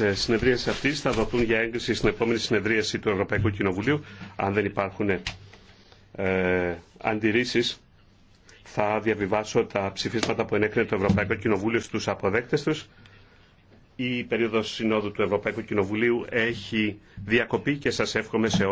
Ε, συνεδρίαση αυτής θα δοθούν για έγκριση στην επόμενη συνεδρίαση του Ευρωπαϊκού Κοινοβουλίου. Αν δεν υπάρχουν ε, αντιρρήσει, θα διαβιβάσω τα ψηφίσματα που ενέκρινε το Ευρωπαϊκό Κοινοβούλιο στου αποδέκτε του. Η περίοδος συνόδου του Ευρωπαϊκού Κοινοβουλίου έχει διακοπεί και σας εύχομαι σε